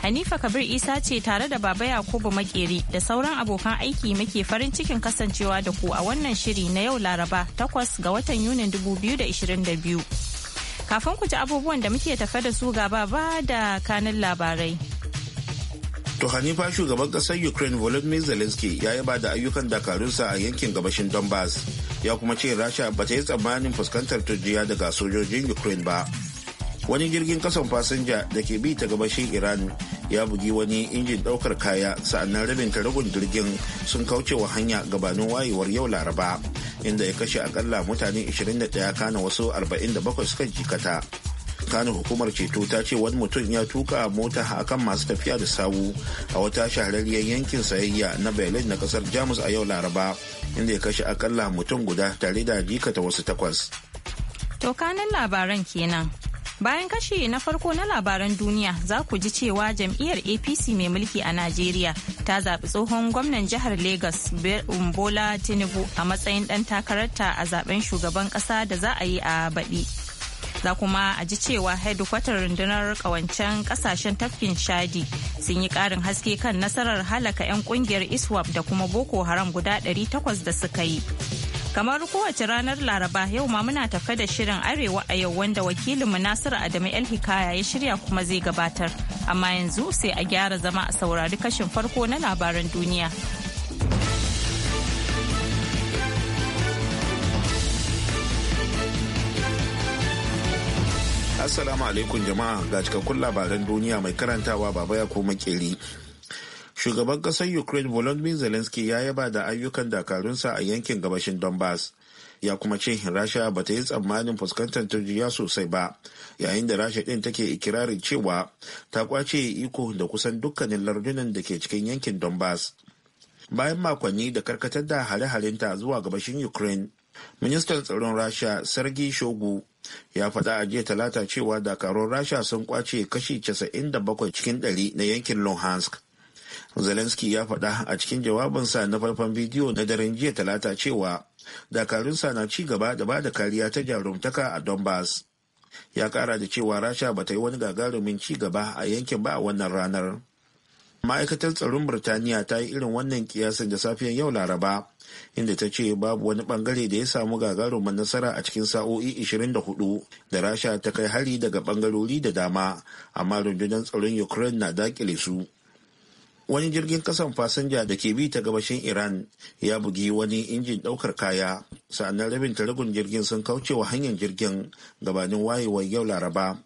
Hanifa Kabir Isa ce tare da Baba Yakubu Makeri da sauran abokan aiki muke farin cikin kasancewa da ku a wannan shiri na yau Laraba 8 ga watan Yunin 2022. Kafin ku ji abubuwan da muke tafe da su gaba ba da kanin labarai. To Hanifa shugaban kasar Ukraine Volodymyr Zelensky ya yaba da ayyukan dakarunsa a yankin gabashin Donbass ya kuma ce Rasha ba ta yi tsammanin fuskantar turjiya daga sojojin Ukraine ba. wani jirgin kasan fasinja da ke bi ta gabashin iran ya bugi wani injin daukar kaya sa'annan rabin taragun jirgin sun kauce wa hanya gabanin wayewar yau laraba inda ya kashe akalla mutane 21 kana wasu 47 suka jikata kano hukumar ceto ta ce wani mutum ya tuka mota a kan masu tafiya da sawu a wata shahararriyar yankin sayayya na berlin na kasar jamus a yau laraba inda ya kashe akalla mutum guda tare da jikata wasu takwas to kanin labaran kenan Bayan kashi na farko na labaran duniya za ku ji cewa jam'iyyar APC mai mulki a Najeriya ta zaɓi tsohon gwamnan jihar Legas Bola Tinubu a matsayin ɗan takararta a zaben shugaban ƙasa da za a yi a baɗi. Za kuma a ji cewa hedikwatar rundunar ƙawancen ƙasashen tafkin Shadi sun yi ƙarin haske kan nasarar halaka 'yan ƙungiyar ISWAP da kuma Boko Haram guda 800 da suka yi. Kamar kowace ranar Laraba yau ma muna tafe da shirin Arewa a yau wanda wakilinmu Nasiru Adamu El Hikaya ya shirya kuma zai gabatar. Amma yanzu sai a gyara zama a saurari kashin farko na labaran duniya. Assalamu alaikum jama'a ga cikakkun labaran duniya mai karantawa baba ya koma keri. shugaban ƙasar ukraine volodymyr zelensky ya yaba da ayyukan dakarunsa a yankin gabashin donbass ya kuma ce rasha ba ta yi tsammanin fuskantar turjiya sosai ba yayin da rasha ɗin take ikirarin cewa ta kwace iko da kusan dukkanin lardunan da ke cikin yankin donbass bayan makonni da karkatar da hare-harenta zuwa gabashin ukraine ministan tsaron rasha sargi shogu ya faɗa a jiya talata cewa dakarun rasha sun kwace kashi 97 cikin 100 na yankin luhansk Zelensky ya faɗa a cikin jawabinsa na farkon bidiyo na daren jiya talata cewa dakarunsa na ci gaba da ba da kariya ta jarumtaka a Donbass. Ya kara da cewa Rasha ba ta yi wani gagarumin ci gaba a yankin ba a wannan ranar. Ma'aikatar tsaron Birtaniya ta yi irin wannan kiyasin da safiyar yau Laraba, inda ta ce babu wani bangare da ya samu gagarumin nasara a cikin sa'o'i 24 da Rasha ta kai hari daga bangarori da dama, amma rundunar tsaron Ukraine na dakile su. wani jirgin kasan fasinja da ke bi ta gabashin iran ya bugi wani injin daukar kaya sa'annan rabin taragun jirgin sun kauce wa hanyar jirgin gabanin wayewar yau laraba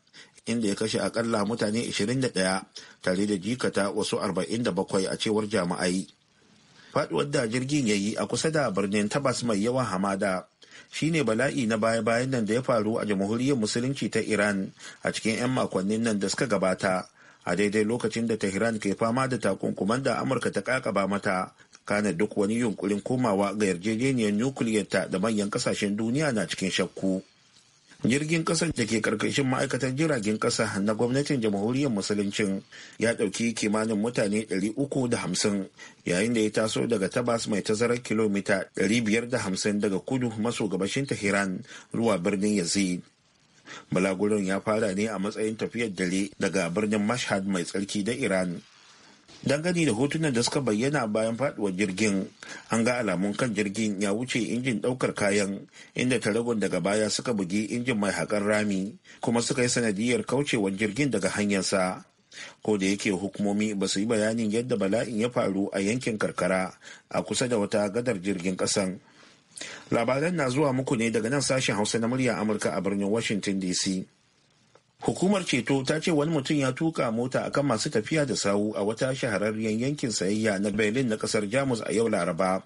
inda ya kashe akalla mutane 21 tare da jikata wasu 47 a cewar jama'ai. faduwar da jirgin ya yi a kusa da birnin tabas mai yawan hamada shine bala'i na baya-bayan nan da ya faru a jamhuriyar musulunci ta iran a cikin 'yan makonnin nan da suka gabata a daidai lokacin da tehran ke fama da takunkuman da amurka ta kakaba mata kana duk wani yunkurin komawa ga yarjejeniyar nukiliyarta da manyan kasashen duniya na cikin shakku jirgin kasar da ke karkashin ma'aikatar jiragen kasa na gwamnatin jamhuriyar musuluncin ya ɗauki kimanin mutane 350 yayin da ya taso daga tabas mai tazarar kilomita 550 daga kudu maso gabashin tehran zuwa birnin yazid balaguron ya fara ne a matsayin tafiyar dare daga birnin mashhad mai tsarki da iran dangane da hotunan da suka bayyana bayan faduwar jirgin an ga alamun kan jirgin ya wuce injin daukar kayan inda taragon daga baya suka bugi injin mai haƙar rami kuma suka yi sanadiyar kaucewar jirgin daga hanyarsa ko da yake hukumomi ba su yi bayanin yadda bala'in ya faru a yankin karkara a kusa da wata gadar jirgin ƙasan. Labaran na zuwa muku ne daga nan sashen Hausa na murya Amurka a birnin Washington DC. Hukumar ceto ta ce wani mutum ya tuka mota akan masu tafiya da sawu a wata shahararriyar yankin sayayya na Berlin na kasar Jamus a yau Laraba,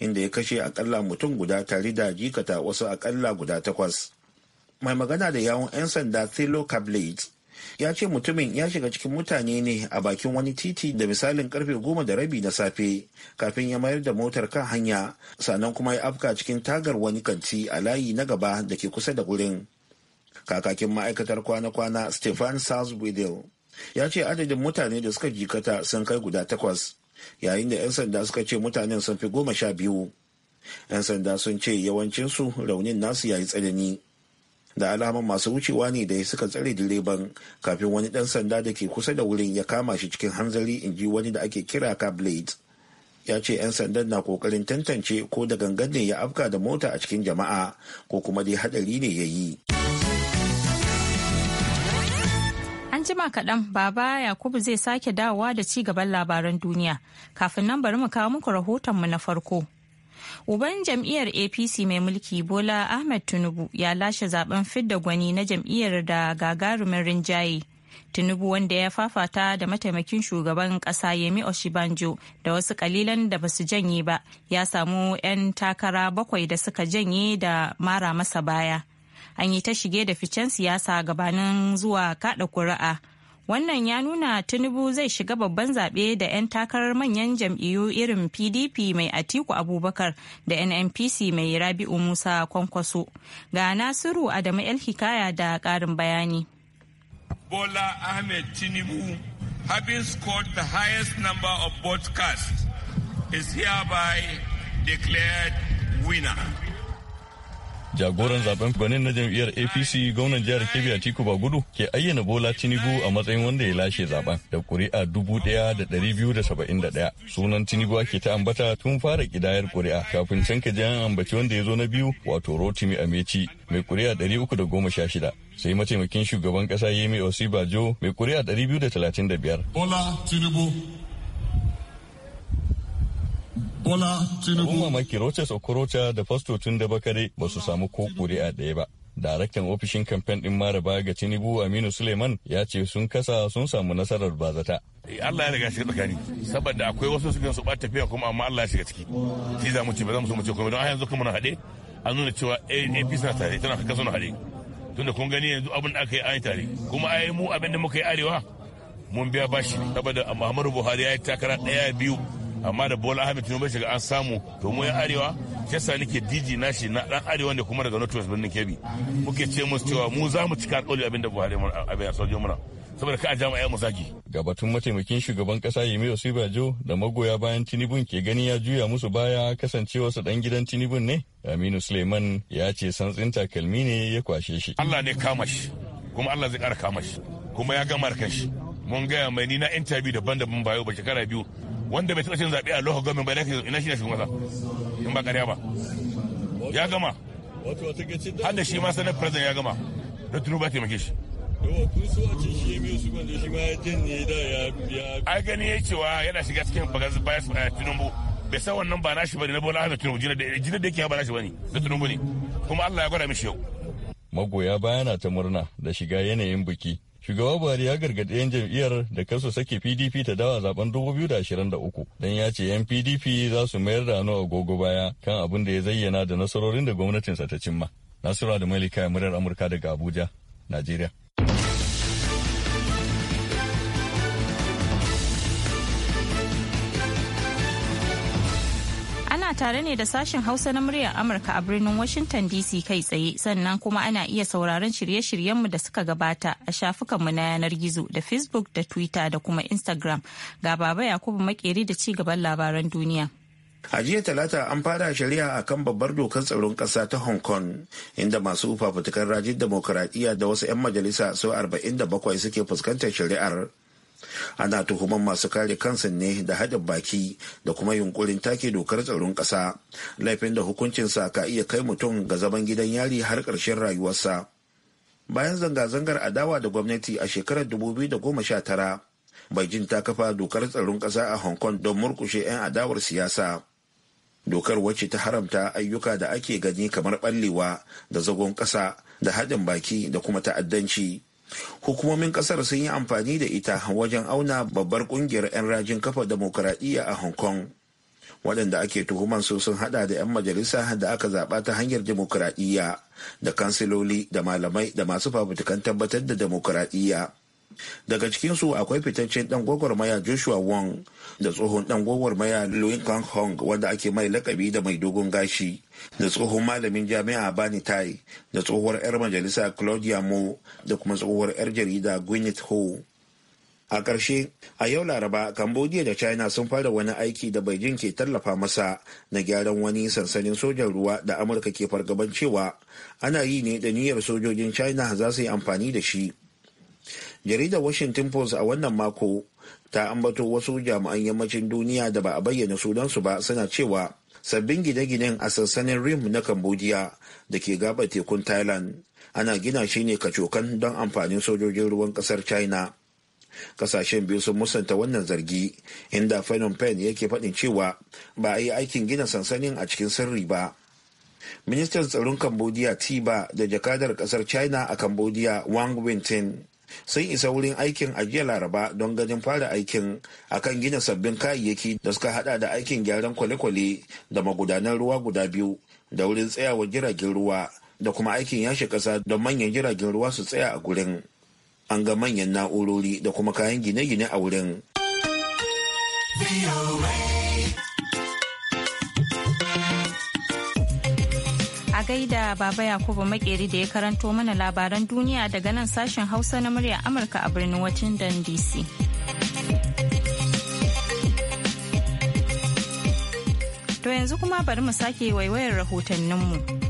inda ya kashe akalla mutum guda tare da jikata wasu akalla guda takwas. Mai magana da yawon 'yan sanda Thilo Kablet ya ce mutumin ya shiga cikin mutane ne a bakin wani titi da misalin karfe goma da rabi na safe kafin ya mayar da motar kan hanya sannan kuma ya afka cikin tagar wani kanti a layi na gaba da ke kusa da wurin kakakin ma'aikatar kwana-kwana stefan southwedel ya ce adadin mutane da suka jikata sun kai guda takwas yayin da 'yan sanda suka ce mutanen sun fi goma sha biyu 'yan sanda sun ce yawancinsu raunin nasu yayi tsanani da alaman masu wucewa ne da ya suka tsare direban kafin wani dan sanda da ke kusa da wurin ya kama shi cikin hanzari in ji wani da ake kira ka blade ya ce 'yan sandan na kokarin tantance ko da gangan ne ya afka da mota a cikin jama'a ko kuma dai hadari ne ya yi an jima kaɗan baba yakubu zai sake dawowa da ci gaban labaran duniya kafin nan bari mu kawo muku rahotonmu na farko Uban jam'iyyar APC mai mulki Bola Ahmed Tinubu ya lashe zaben fidda gwani na jam'iyyar da gagarumin rinjaye. Tinubu wanda ya fafata da mataimakin shugaban ƙasa Yemi Oshibanjo da wasu kalilan da basu janye ba ya samu 'yan takara bakwai da suka janye da mara masa baya. An yi ta shige da ficen siyasa gabanin zuwa kada kuri'a. wannan ya nuna tinubu zai shiga babban zaɓe da 'yan takarar manyan jam'iyyu irin pdp mai atiku abubakar da nnpc mai rabi'u musa kwankwaso ga nasiru adamu el hikaya da ƙarin bayani bola ahmed tinubu having scored the highest number of broadcasts is hereby declared winner jagoran zaben gwanin na jam'iyyar apc gwamnan jihar kebbi ba gudu ke ayyana bola tinubu a matsayin wanda ya lashe zaben da kuri'a dubu daya da dari biyu da saba'in da ɗaya sunan tinubu ake ta ambata tun fara kidayar kuri'a kafin canka ka ambaci wanda ya zo na biyu wato rotimi ameci mai kuri'a dari uku da goma sha shida sai mataimakin shugaban kasa yemi jo mai kuri'a dari biyu da talatin da biyar. bola tinubu Bola Tinubu. Abun Maki Rochas Okorocha da Fasto da Bakare ba su samu ko kuri'a ɗaya ba. Daraktan ofishin kamfen ɗin Maraba ga Tinubu Aminu Suleiman ya ce sun kasa sun samu nasarar bazata. Eh, Allah ya riga shiga tsakani saboda akwai wasu suke su ɓata tafiya kuma amma Allah ya shiga ciki. Shi za mu ce ba za mu so mu ce kuma don yanzu kuma na haɗe an nuna cewa AAP suna tare tana kasa na haɗe. Tunda kun gani yanzu abin da aka yi an tare kuma ai mu abin da muka yi arewa mun biya bashi saboda Muhammadu Buhari ya yi takara ɗaya biyu amma da bola ahmed tinubu shiga an samu to mu yan arewa yasa nake diji nashi na dan arewa ne kuma daga northwest birnin kebbi muke ce musu cewa mu za mu cika alƙawari abin da buhari abin a sojo muna saboda ka jama'a mu zaki gabatun mataimakin shugaban kasa yemi osibajo da magoya bayan tinubun ke gani ya juya musu baya kasancewarsa dan gidan tinubun ne aminu suleiman ya ce santsin takalmi ne ya kwashe shi allah ne kama shi kuma allah zai kara kama shi kuma ya gama kan shi mun gaya mai ni na interview daban-daban bayo ba shekara biyu wanda bai taɓa cin zaɓe a lokacin gwamnati ba ina shi ne shugaban masa in ba ƙarya ba ya gama har da shi ma sanar president ya gama da tunu ba taimake shi ai gani ya cewa yana shiga cikin bagas bias a eh, tinubu bai san wannan ba nashi bane na bola hana tunubu jinar da yake ba nashi bane da tunubu ne kuma allah ya gwada mishi yau magoya bayana ta murna da shiga yanayin biki Shugaba Buhari ya gargaɗi 'yan jam'iyyar da su sake PDP ta dawa zaben uku don ya ce 'yan PDP za su mayar da hannu agogo baya kan abin da ya zayyana da nasarorin da gwamnatinsa ta cimma. nasura da Malika murar Amurka daga Abuja, Najeriya. tare ne da sashen Hausa na muryar Amurka a birnin Washington DC kai tsaye sannan kuma ana iya sauraron shirye-shiryenmu da suka gabata a shafukanmu na yanar gizo da Facebook da Twitter da kuma Instagram. Ga Baba Yakubu Makeri da ci gaban labaran duniya. A jiya talata an fara shari'a a kan babbar dokar tsaron ƙasa ta Hong Kong, inda masu fafutukar rajin demokuraɗiyya da wasu 'yan majalisa sau 47 suke fuskantar shari'ar. ana tuhuman masu kare kansa ne da haɗin baki da kuma yunkurin take dokar tsaron ƙasa laifin da hukuncinsa ka iya kai mutum ga zaman gidan yari har ƙarshen rayuwarsa bayan zanga-zangar adawa da gwamnati a shekarar 2019 beijing ta kafa dokar tsaron ƙasa a hong kong don murkushe 'yan adawar siyasa dokar wacce ta haramta ayyuka da ake gani kamar ɓallewa da zagon ƙasa da haɗin baki da kuma ta'addanci hukumomin kasar sun yi amfani da ita wajen auna babbar kungiyar 'yan rajin kafa demokuraɗiyya a hong kong waɗanda ake tuhuman su sun hada da 'yan majalisa da aka zaɓa ta hanyar demokuraɗiyya da kansiloli da malamai da masu fafutukan tabbatar da demokuraɗiyya daga cikinsu akwai fitaccen dan gwagwarmaya joshua wong da tsohon dan gwagwarmaya louis kang hong wanda ake mai lakabi da mai dogon gashi da tsohon malamin jami'a bani tai da tsohuwar 'yar majalisa claudia mo da kuma tsohuwar 'yar jarida gwyneth ho a ƙarshe a yau laraba cambodia da china sun fara wani aiki da beijing ke tallafa masa na gyaran wani sansanin sojan ruwa da amurka ke fargaban cewa ana yi ne da niyyar sojojin china za su yi amfani da shi jaridar washington post a wannan mako ta ambato wasu jami'an yammacin duniya da ba a bayyana sunansu ba suna cewa sabbin gine-ginen a sansanin rim na cambodia da ke gaba tekun thailand ana gina shi ne kacokan don amfanin sojojin ruwan kasar china kasashen biyu sun musanta wannan zargi inda phnom pen yake faɗin cewa ba a yi aikin gina sansanin a cikin sirri ba ministan tsaron cambodia tiba da jakadar kasar china a cambodia wang wintin sun isa wurin aikin a laraba don ganin fara aikin akan gina sabbin kayayyaki da suka hada da aikin gyaran kwale-kwale da magudanan ruwa guda biyu da wurin tsayawa jiragen ruwa da kuma aikin yashe kasa don manyan jiragen ruwa su tsaya a gurin an ga manyan na'urori da kuma kayan gine-gine a wurin. gaida Baba Yakubu Makeri da ya karanto mana labaran duniya daga nan sashen Hausa na murya Amurka a birnin Washington DC. To yanzu kuma bari mu sake waiwayar rahotanninmu.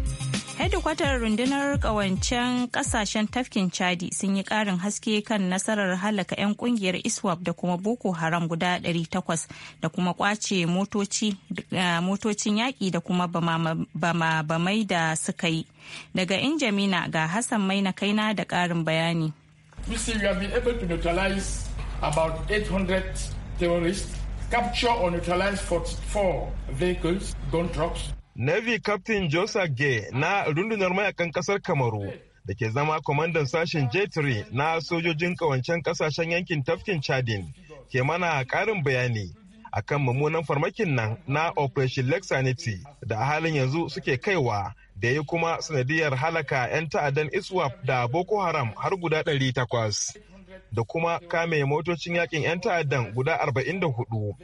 hedikwatar rundunar kawancen kasashen tafkin chadi sun yi karin haske kan nasarar halaka 'yan kungiyar iswap da kuma boko haram guda 800 da kuma kwace motocin yaƙi da kuma bama-bamai da suka yi daga injamina ga hassan na kaina da karin bayani about capture or neutralize 44 vehicles gun trucks Navy Captain Josa Gay na rundunar mayakan kasar Kamaru da ke zama kwamandan sashen J3 na sojojin kawancen kasashen yankin tafkin Chadin ke mana karin bayani akan mummunan farmakin nan na Operation Lexanity da a halin yanzu suke kaiwa da ya kuma sanadiyar halaka 'yan ta'addan ISWAP da Boko Haram har guda 800. da kuma kame motocin yakin 'yan ta'addan guda 44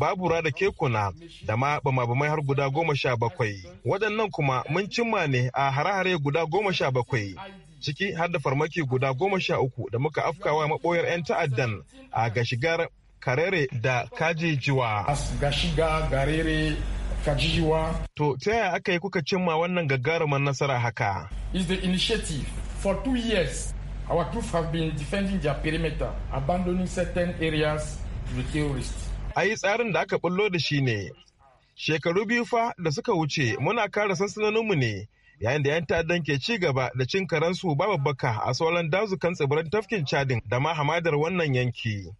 babura da kekuna da ma bama har guda 17 waɗannan kuma mun cimma ne a hare-hare guda 17 ciki har da farmaki guda 13 da muka afkawa maɓoyar 'yan ta'addan a gashigar karere da kajijiwa. Gashiga kajijiwa. To ta yaya aka yi kuka cimma wannan gagarumar nasara haka? Is the initiative for two years Our troops have been defending their perimeter, abandoning certain areas to the terrorists. A yi tsarin da aka bullo da shi ne, shekaru biyu fa da suka wuce muna kare sansanoninmu ne yayin da 'yan ta'addan ke ci gaba da cin karensu babu baka a sauran dazukan tsibirin tafkin cadin da ma hamadar wannan yanki.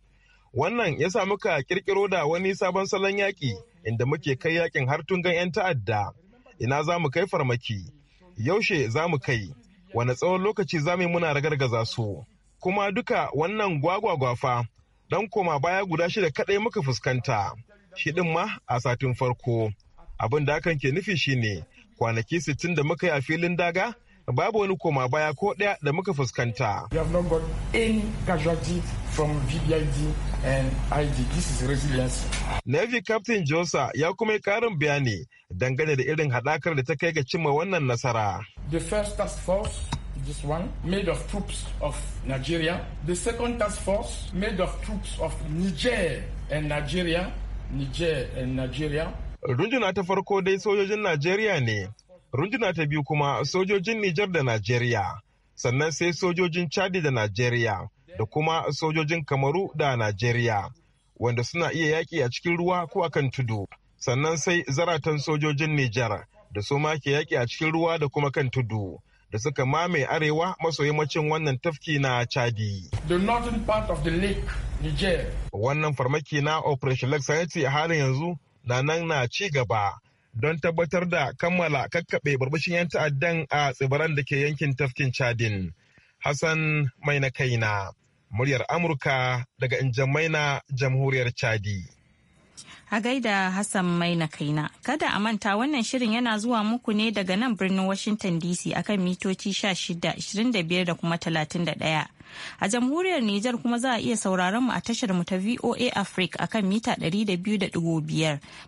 Wannan ya sa muka kirkiro da wani sabon salon yaƙi inda muke kai yakin har tungan 'yan ta'adda. Ina za mu kai farmaki, yaushe za mu kai, wani tsawon lokaci zamu mu muna ragargaza su kuma duka wannan gwagwagwafa dan koma baya guda shida kadai muka fuskanta shi din ma a satin farko abin da hakan ke nufi shine kwanaki sittin da muka yi a filin daga babu wani koma baya ko daya da muka fuskanta. and This is resilience. Navy Captain Josa ya kuma yi karin bayani dangane da irin hadakar da ta kai ga cimma wannan nasara. The first task force this one made of troops of Nigeria. The second task force made of troops of Niger and Nigeria. Niger and Nigeria. Runduna ta farko dai sojojin Najeriya ne, runduna ta biyu kuma sojojin Nijar da Najeriya, sannan sai sojojin Chadi da Najeriya. da kuma sojojin kamaru da najeriya wanda suna iya yaƙi a cikin ruwa ko a kan tudu sannan sai zaratan sojojin nijar da su ma ke yaƙi a cikin ruwa da kuma kan tudu da suka mame arewa maso yammacin wannan tafki na chadi. The northern part of the lake, Niger. Wannan farmaki na Operation Lake a halin yanzu na nan na ci gaba don tabbatar da kammala kakkaɓe barbashin 'yan ta'addan a tsibiran da ke yankin tafkin chadin. Hassan mai na kaina, muryar Amurka daga Injamaina jamhuriyar Chadi. A gaida Hassan Maina Kaina, kada a manta wannan shirin yana zuwa muku ne daga nan birnin Washington DC a kan mitoci 16, 25 da kuma 31. A jamhuriyar Nijar kuma za a iya sauraron mu a tashar mu ta VOA Africa akan mita 200.5.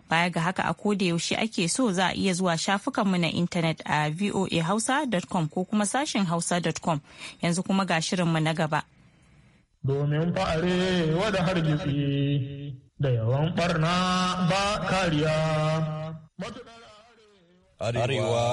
Baya ga haka a koda yaushe ake so za a iya zuwa shafukan mu na intanet a voahausa.com ko kuma sashin hausa.com. Yanzu kuma ga shirin mu na gaba. domin fa'are wada hargitsi da yawan barna ba kariya. Arewa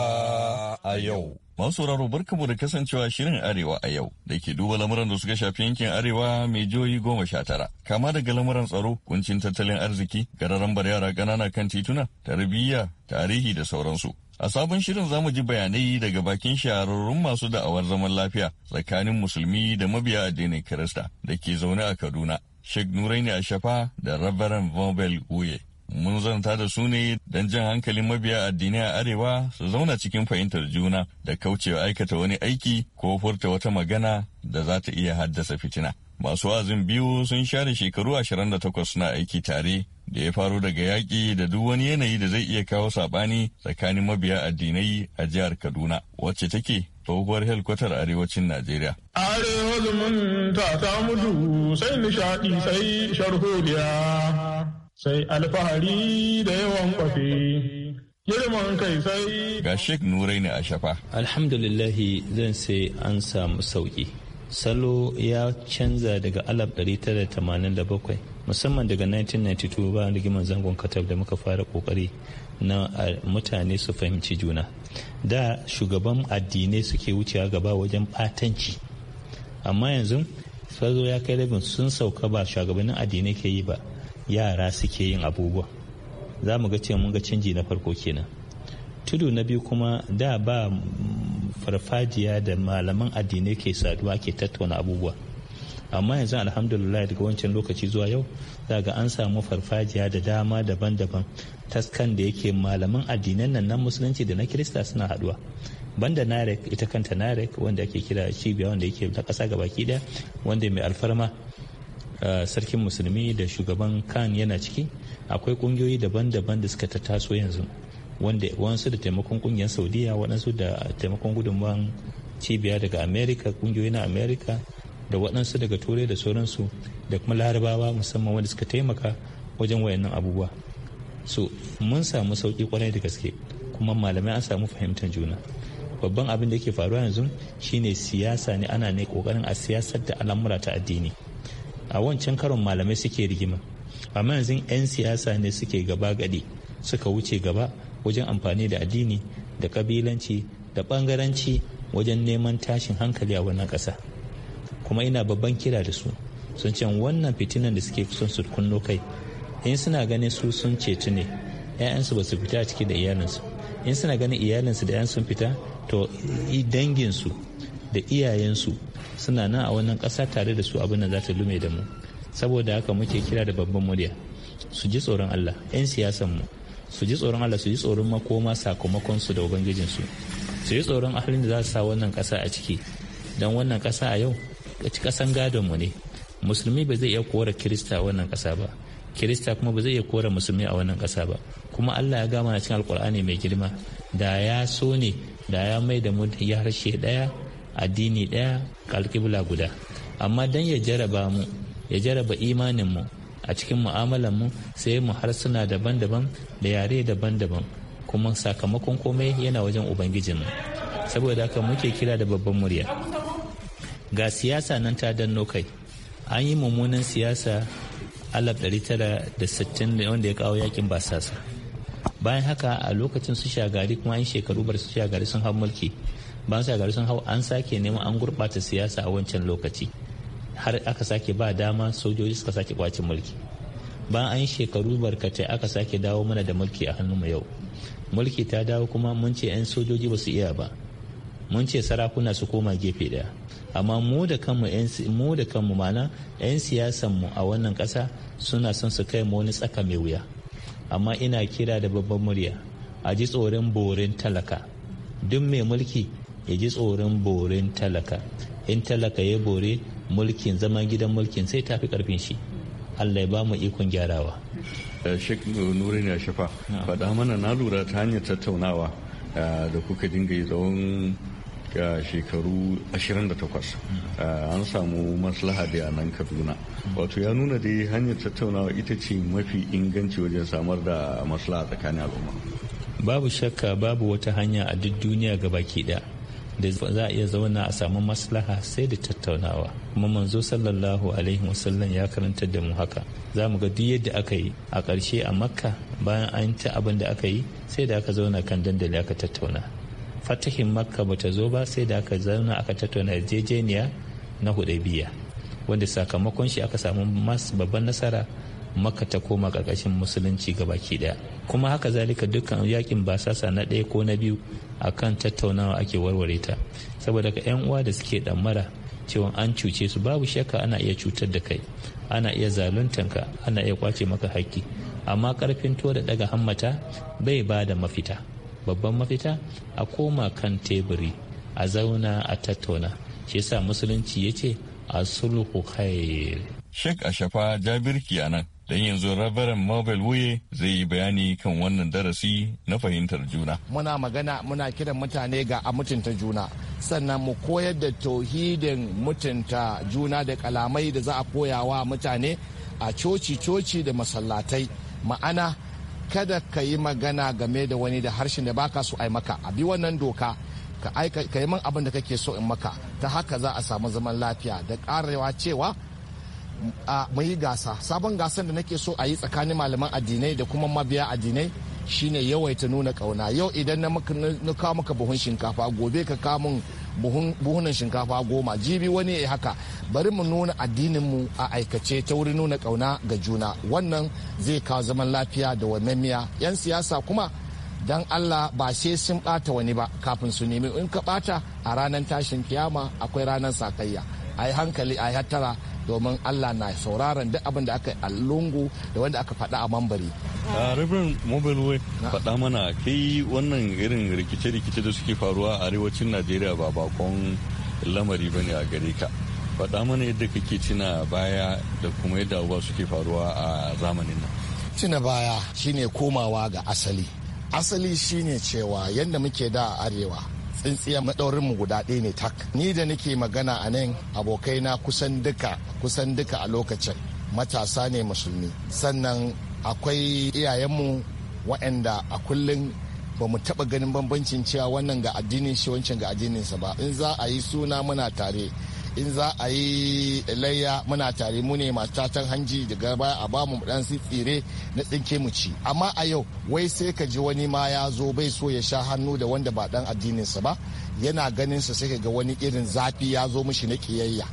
a yau. Masu sauraro barkamu da kasancewa shirin Arewa a yau da ke duba lamuran da suka shafi yankin Arewa mai jihohi goma sha tara. Kama daga lamuran tsaro, kuncin tattalin arziki, gararan bar yara ƙanana kan tituna, tarbiyya, tarihi da sauransu. A sabon shirin za mu ji bayanai daga bakin shahararrun masu da'awar zaman lafiya tsakanin musulmi da mabiya addinin Kirista da ke zaune a Kaduna. Sheikh Nuraini Ashafa da Reverend Vobel Uye. mun zanta da su ne don jan hankalin mabiya addinai a arewa su zauna cikin fahimtar juna da kaucewa aikata wani aiki ko furta wata magana da za ta iya haddasa fitina. Masu wa'azin biyu sun share shekaru ashirin da 28 suna aiki tare da ya faro daga yaƙi da duk wani yanayi da zai iya kawo saɓani tsakanin mabiya addinai a jihar Kaduna wacce take tsohuwar helkwatar arewacin Najeriya. Arewa zumunta ta mutu sai nishaɗi sai sharholiya. sai alfahari da yawan kwafi girman kai sai ga sheik nurai ne a shafa alhamdulillahi zan sai an samu sauki salo ya canza daga alab 987 musamman daga 1992 ba rigimar zangon katab da muka fara kokari na mutane su fahimci juna da shugaban addinai suke wucewa gaba wajen batanci amma yanzu sazo ya kai rabin sun sauka ba shugabannin addinai ke yi ba yara suke yin abubuwa za mu ga ce mun ga canji na farko kenan tudu na biyu kuma da ba farfajiya da malaman addinai ke saduwa ke tattauna abubuwa amma yanzu alhamdulillah daga wancan lokaci zuwa yau za ga an samu farfajiya da dama daban-daban taskan da yake malaman addinan nan na musulunci da na kirista suna haduwa banda narek ita kanta narek wanda ake kira cibiya wanda yake na kasa gabaki daya wanda mai alfarma Eh, sarkin musulmi da shugaban kan yana ciki akwai kungiyoyi daban-daban da suka tattaso yanzu wanda wansu da taimakon kungiyar saudiya waɗansu da taimakon gudunmawan cibiya daga amerika kungiyoyi na amerika da waɗansu daga turai da sauransu da kuma larabawa musamman wanda suka taimaka wajen wayannan abubuwa so mun samu sauki kwarai da gaske kuma malamai an samu fahimtar juna babban abin da yake faruwa yanzu shine siyasa ne ana ne kokarin a siyasar da al'amura ta addini a wancan karon malamai suke rigima amma yanzu 'yan siyasa ne suke gaba gadi suka wuce gaba wajen amfani da addini da kabilanci da bangaranci wajen neman tashin hankali a wannan ƙasa kuma ina babban kira da su sun ce wannan fitinan da suke son su kunno kai in suna ganin su sun cetu ne 'ya'yansu ba su fita a ciki da iyalinsu in suna ganin iyalinsu da 'yan sun fita to danginsu da iyayensu suna nan a wannan ƙasa tare da su abin da za ta lume da mu saboda haka muke kira da babban murya su ji tsoron Allah 'yan siyasan mu su ji tsoron Allah su ji tsoron makoma sakamakon su da ubangijin su su ji tsoron halin da za su sa wannan ƙasa a ciki don wannan ƙasa a yau ƙasan gadon mu ne musulmi ba zai iya kora kirista a wannan ƙasa ba kirista kuma ba zai iya kora musulmi a wannan ƙasa ba kuma Allah ya gama na cikin alkur'ani mai girma da ya so ne da ya mai da mu ya harshe daya addini ɗaya alƙibla guda amma don ya jaraba mu ya jaraba imaninmu a cikin mu'amalanmu sai mu harsuna daban-daban da yare daban-daban kuma sakamakon komai yana wajen ubangijinmu saboda haka muke kira da babban murya ga siyasa nan ta danno kai an yi mummunan siyasa alaf ɗari tara da 1960 wanda ya kawo yakin basasa bayan haka a lokacin su shagari kuma an shekaru bar su shagari sun hau mulki ba sa gari sun hau an sake neman an gurɓata siyasa a wancan lokaci har aka sake ba dama sojoji suka sake kwace mulki ba an shekaru barkatai aka sake dawo mana da mulki a hannunmu yau mulki ta dawo kuma mun ce 'yan sojoji ba su iya ba mun ce sarakuna su koma gefe daya amma mu da kanmu mu da kanmu mana 'yan siyasan mu a wannan kasa suna son su kai mu wani tsaka mai wuya amma ina kira da babban murya a ji tsoron borin talaka duk mai mulki ya ji tsoron borin talaka in talaka ya bore mulkin zama gidan mulkin sai tafi karfin shi allah ya ba mu ikon gyarawa eh, shek nuri na shafa faɗa mana na lura ta hanyar tattaunawa eh, da kuka dinga yi tsawon ga eh, shekaru 28 mm. an samu maslaha da nan kaduna mm. wato ya nuna dai hanyar tattaunawa ita ce mafi inganci wajen samar da maslaha tsakanin al'umma babu shakka babu wata hanya a duk duniya ga baki ɗaya da za a iya zauna a samu maslaha sai da tattaunawa kuma manzo sallallahu alaihi wasallam ya karanta da mu haka za mu ga duk yadda aka yi a ƙarshe a makka bayan an ta abin da aka yi sai da aka zauna kan dandali aka tattauna fatahin makka bata zo ba sai da aka zauna aka tattauna yarjejeniya na hudaibiya wanda sakamakon shi aka samu mas babban nasara maka ta koma ƙarƙashin musulunci baki ɗaya kuma haka zalika dukkan yakin basasa na ɗaya ko na biyu a kan tattaunawa ake warware ta saboda ka 'yan uwa da suke ɗammara cewa an cuce su babu shakka ana iya cutar da kai ana iya ka ana iya kwace maka hakki amma ƙarfin to da daga hammata bai ba da mafita babban mafita a koma kan teburi a zauna a tattauna shi yasa musulunci ya ce a sulhu khair Sheikh Ashafa Jabirki a don yanzu Reverend Mabel Wuye zai yi bayani kan wannan darasi na fahimtar juna. Muna magana muna kiran mutane ga a mutunta juna sannan mu koyar da tauhidin mutunta juna da kalamai da za a koya wa mutane a coci-coci da masallatai ma'ana kada ka yi magana game da wani da harshen da baka so ai maka a bi wannan doka ka yi min abin da kake so in maka ta haka za a samu zaman lafiya da karewa cewa a gasa sabon gasan da nake so a yi tsakanin malaman addinai da kuma mabiya addinai shine yawaita nuna kauna yau idan na kawo maka buhun shinkafa gobe ka kawo mun buhunan shinkafa goma jibi wani ya haka bari mu nuna addininmu a aikace ta wurin nuna kauna ga juna wannan zai kawo zaman lafiya da wamemiya yan siyasa kuma dan allah ba sai sun bata wani ba kafin su nemi in ka bata a ranar tashin kiyama akwai ranar sakayya a yi hankali a yi hattara domin allah na sauraron duk abin da aka lungu da wanda aka faɗa a mambari rabin mobile faɗa mana kai wannan irin rikice-rikice da suke faruwa a arewacin najeriya ba bakon lamari ba ne a gare ka faɗa mana yadda kake cina baya da kuma yadda abubuwa suke faruwa a zamanin nan cina baya shine komawa ga asali asali shine cewa yadda muke da arewa tsintsiya maɗaurin mu guda ɗaya ne tak ni da nake magana a nan abokaina kusan duka kusan duka a lokacin matasa ne musulmi sannan akwai iyayenmu waɗanda a kullum ba mu taɓa ganin bambancin cewa wannan ga addinin shi wancan ga addinin sa ba in za a yi suna muna tare in za a yi layya muna tare mu ne masu tatan hanji daga baya a bamu dan tsire na tsinke mu ci amma a yau wai sai ka ji wani ma ya zo bai so ya sha hannu da wanda ba dan sa ba yana ganin sa sai ga wani irin zafi ya zo mishi na kiyayya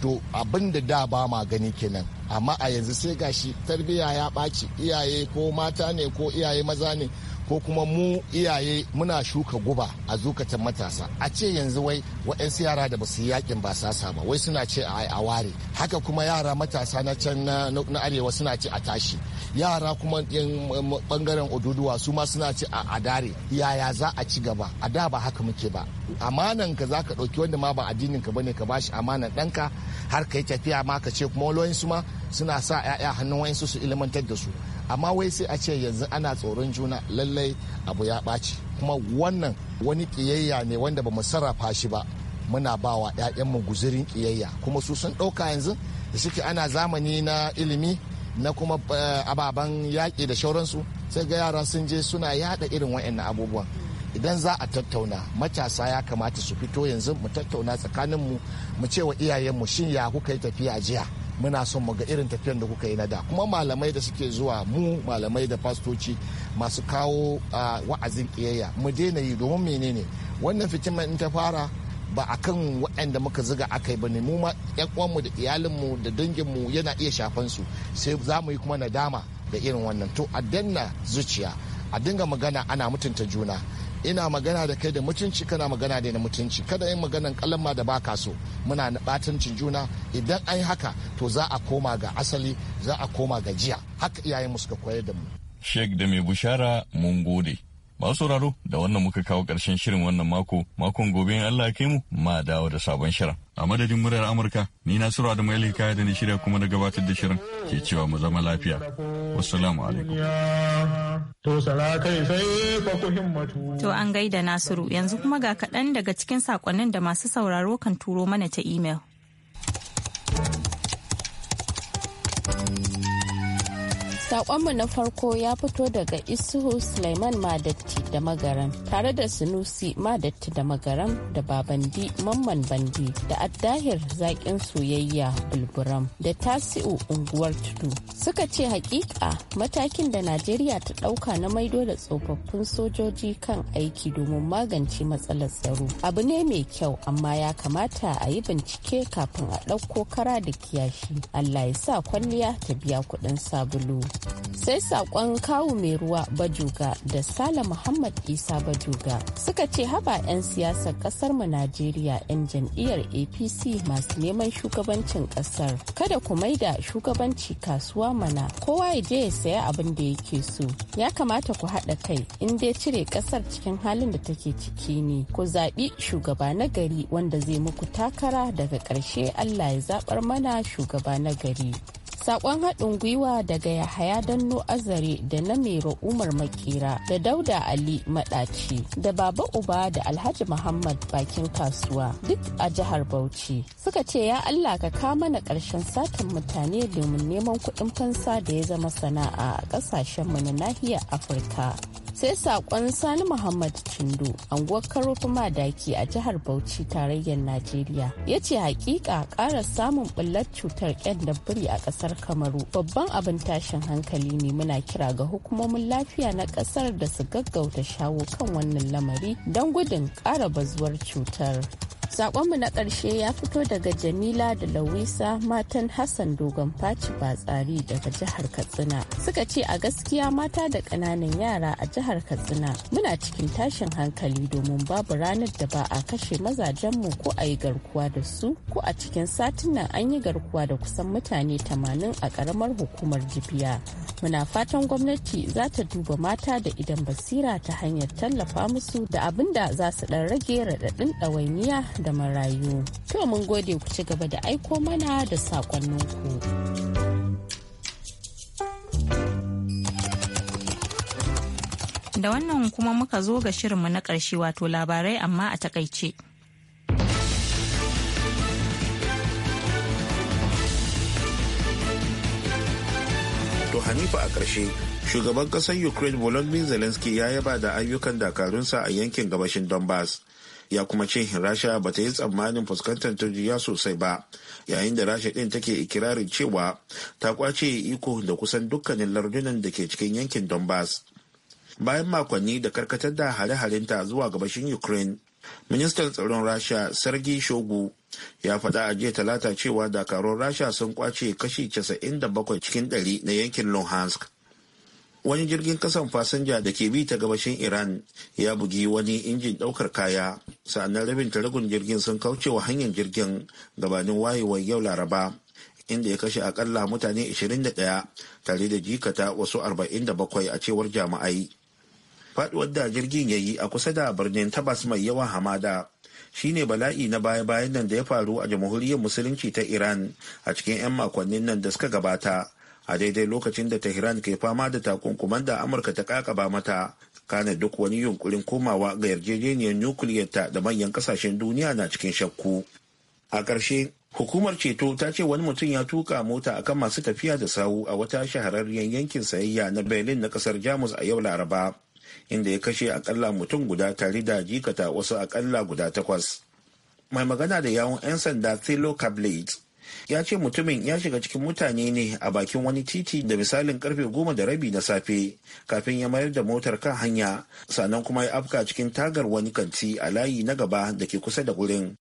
to abin da da ba ma gani kenan amma a yanzu sai gashi tarbiyya ya baci iyaye ko mata ne ko iyaye maza ne ko kuma mu iyaye muna shuka guba a zukatan matasa a ce yanzu wai wa'yansu yara da basu yakin ba sa ba wai suna ce a ware haka kuma yara matasa na can na arewa suna ce a tashi yara kuma bangaren oduduwa su ma suna ce a dare yaya za a ci gaba a da ba haka muke ba amanan ka za ka ɗauki wanda ma ba addinin ka bane ka bashi amanan ɗanka har ka tafiya ma ka ce kuma wani su ma suna sa 'ya'ya hannun wayansu su ilmantar da su amma wai sai a ce yanzu ana tsoron juna lallai abu ya ɓaci kuma wannan wani ƙiyayya ne wanda ba mu sarrafa shi ba muna ba wa 'ya'yanmu guzurin ƙiyayya kuma su sun ɗauka yanzu da suke ana zamani na ilimi na kuma eh, ababen yaƙi da shauransu sai ga yara sun je suna yaɗa irin wa'annan abubuwan idan za a tattauna matasa ya kamata su fito yanzu mu tattauna tsakaninmu mu ce wa iyayenmu shin ya kuka yi tafiya jiya muna son mu ga irin tafiyan da kuka yi na da kuma malamai da suke zuwa mu malamai da fastoci masu kawo wa'azin kiyayya mu daina yi domin menene wannan fitinman in ta fara ba a kan waɗanda muka ziga aka yi ba ne mu ma yan uwanmu da iyalinmu da danginmu yana iya shafan su sai za mu yi kuma nadama da irin wannan to a danna zuciya a dinga magana ana mutunta juna ina magana da kai da mutunci kana magana da na mutunci kada yin maganan kalamma da baka so muna batancin juna idan an haka to za a koma ga asali za a koma ga jiya haka iyayen mu suka koyar da mu Sheikh da mai bushara mun gode. Masu sauraro da wannan muka kawo ƙarshen shirin wannan mako, makon gobe in Allah kai mu ma dawo da sabon shirin. A madadin murar Amurka, ni na Sura da Maili da ni shirya kuma na gabatar da shirin ke cewa mu zama lafiya. Wassalamu alaikum. To kai sai To an gaida Nasiru yanzu kuma ga kaɗan daga cikin saƙonnin da masu sauraro kan turo mana ta imel. Sakonmu na farko ya fito daga Isuhu Suleiman Madatti da Magaran tare da Sunusi Madatti da Magaran da Babandi Mamman Bandi da Addahir Zakin Soyayya Bulburam da Tasi'u Unguwar Tudu. Suka ce hakika matakin da Najeriya ta ɗauka na maido da tsofaffin sojoji kan aiki domin magance matsalar tsaro. Abu ne mai kyau amma ya kamata a yi bincike kafin a ɗauko kara da kiyashi. Allah ya sa kwalliya ta biya kuɗin sabulu. sai sakon kawu mai ruwa bajuga da sala muhammad isa bajuga suka ce haba 'yan siyasar kasar mu najeriya 'yan jam'iyyar apc masu neman shugabancin kasar kada ku maida shugabanci kasuwa mana kowa ya je ya saya abin da yake so ya kamata ku haɗa kai in dai cire kasar cikin halin da take ciki ne ku zaɓi shugaba na gari wanda zai muku takara daga ƙarshe allah ya zaɓar mana shugaba na gari Sakon haɗin gwiwa daga Yahaya Danno Azare da na Mero Umar Makera da Dauda Ali Maɗaci da Baba Uba da Alhaji Muhammad Bakin Kasuwa duk a jihar Bauchi suka ce ya Allah ka ka mana ƙarshen satin mutane domin neman kuɗin fansa da ya zama sana'a a ƙasashenmu na nahiyar Afirka. sai sakon sani muhammad cindo anguwar karofin madaki a jihar bauchi tarayyar najeriya ya ce hakika kara samun bullar cutar biri a ƙasar kamaru babban abin tashin hankali ne muna kira ga hukumomin lafiya na ƙasar da su gaggauta shawo kan wannan lamari don gudun ƙara bazuwar cutar Sakonmu na ƙarshe ya fito daga Jamila da Lawisa matan Hassan Dogon Faci tsari daga jihar Katsina. Suka ce a gaskiya mata da ƙananan yara a jihar Katsina muna cikin tashin hankali domin babu ranar da ba a kashe mazajenmu ko a yi garkuwa da su ko a cikin satin nan an yi garkuwa da kusan mutane tamanin a ƙaramar hukumar jibiya. Muna fatan gwamnati za ta duba mata da idan basira ta hanyar tallafa musu da abin da za su ɗan rage raɗaɗin ɗawainiya da marayu. To mun gode ku ci gaba da aiko mana da saƙonninku. da wannan kuma muka zo ga shirinmu na ƙarshe wato labarai amma a takaice. To Hanifa a ƙarshe, shugaban ƙasar Ukraine Volodymyr Zelensky ya yaba da ayyukan dakarunsa a yankin gabashin Donbass. ya kuma ce rasha ba ta yi tsammanin fuskantar turjiya sosai ba yayin da rasha ɗin take ikirarin cewa ta kwace iko da kusan dukkanin lardunan da ke cikin yankin donbass bayan makonni da karkatar da hare-harenta zuwa gabashin ukraine ministan tsaron rasha sergei shogu ya faɗa a jiya talata cewa dakarun rasha sun kwace kashi 97 cikin 100 na yankin luhansk wani jirgin kasan fasinja da ke bi ta gabashin iran ya bugi wani injin daukar kaya sa'annan rabin taragun jirgin sun kaucewa hanyar jirgin gabanin wayewar yau laraba inda ya kashe akalla mutane 21 tare da jikata wasu 47 a cewar jama'ai faduwar da jirgin ya yi a kusa da birnin tabas mai yawan hamada shine bala'i na baya-bayan nan da ya faru a jamhuriyar musulunci ta iran a cikin 'yan makonnin nan da suka gabata a daidai lokacin da tehran ke fama da takunkuman da amurka ta kakaba mata kana duk wani yunkurin komawa ga yarjejeniyar ta da manyan kasashen duniya na cikin shakku a ƙarshe hukumar ceto ta ce wani mutum ya tuka mota akan masu tafiya da sawu a wata shahararriyar yankin sayayya na berlin na kasar jamus a yau laraba inda ya kashe akalla mutum guda tare da jikata wasu akalla guda takwas mai magana da yawon 'yan sanda thilo kablet ya ce mutumin ya shiga cikin mutane ne a bakin wani titi da misalin karfe goma da rabi na safe kafin ya mayar da motar kan hanya sannan kuma ya afka cikin tagar wani kanti a layi na gaba da ke kusa da wurin.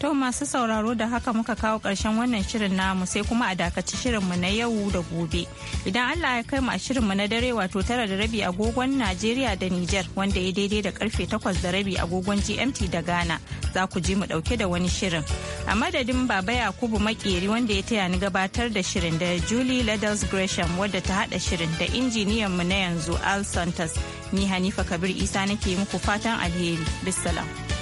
To masu sauraro da haka muka kawo ƙarshen wannan shirin namu sai kuma a dakaci shirinmu na yau da gobe. Idan Allah ya kai mu a shirinmu na dare wato tara da rabi agogon Najeriya da Nijar wanda ya daidai da karfe takwas da rabi agogon GMT da Ghana za ku ji mu ɗauke da wani shirin. A madadin Baba Yakubu Makeri wanda ya taya ni gabatar da shirin da Julie Ladders Gresham wadda ta haɗa shirin da injiniyan mu na yanzu Al Santos. Ni Hanifa Kabir Isa nake muku fatan alheri. Bissalam.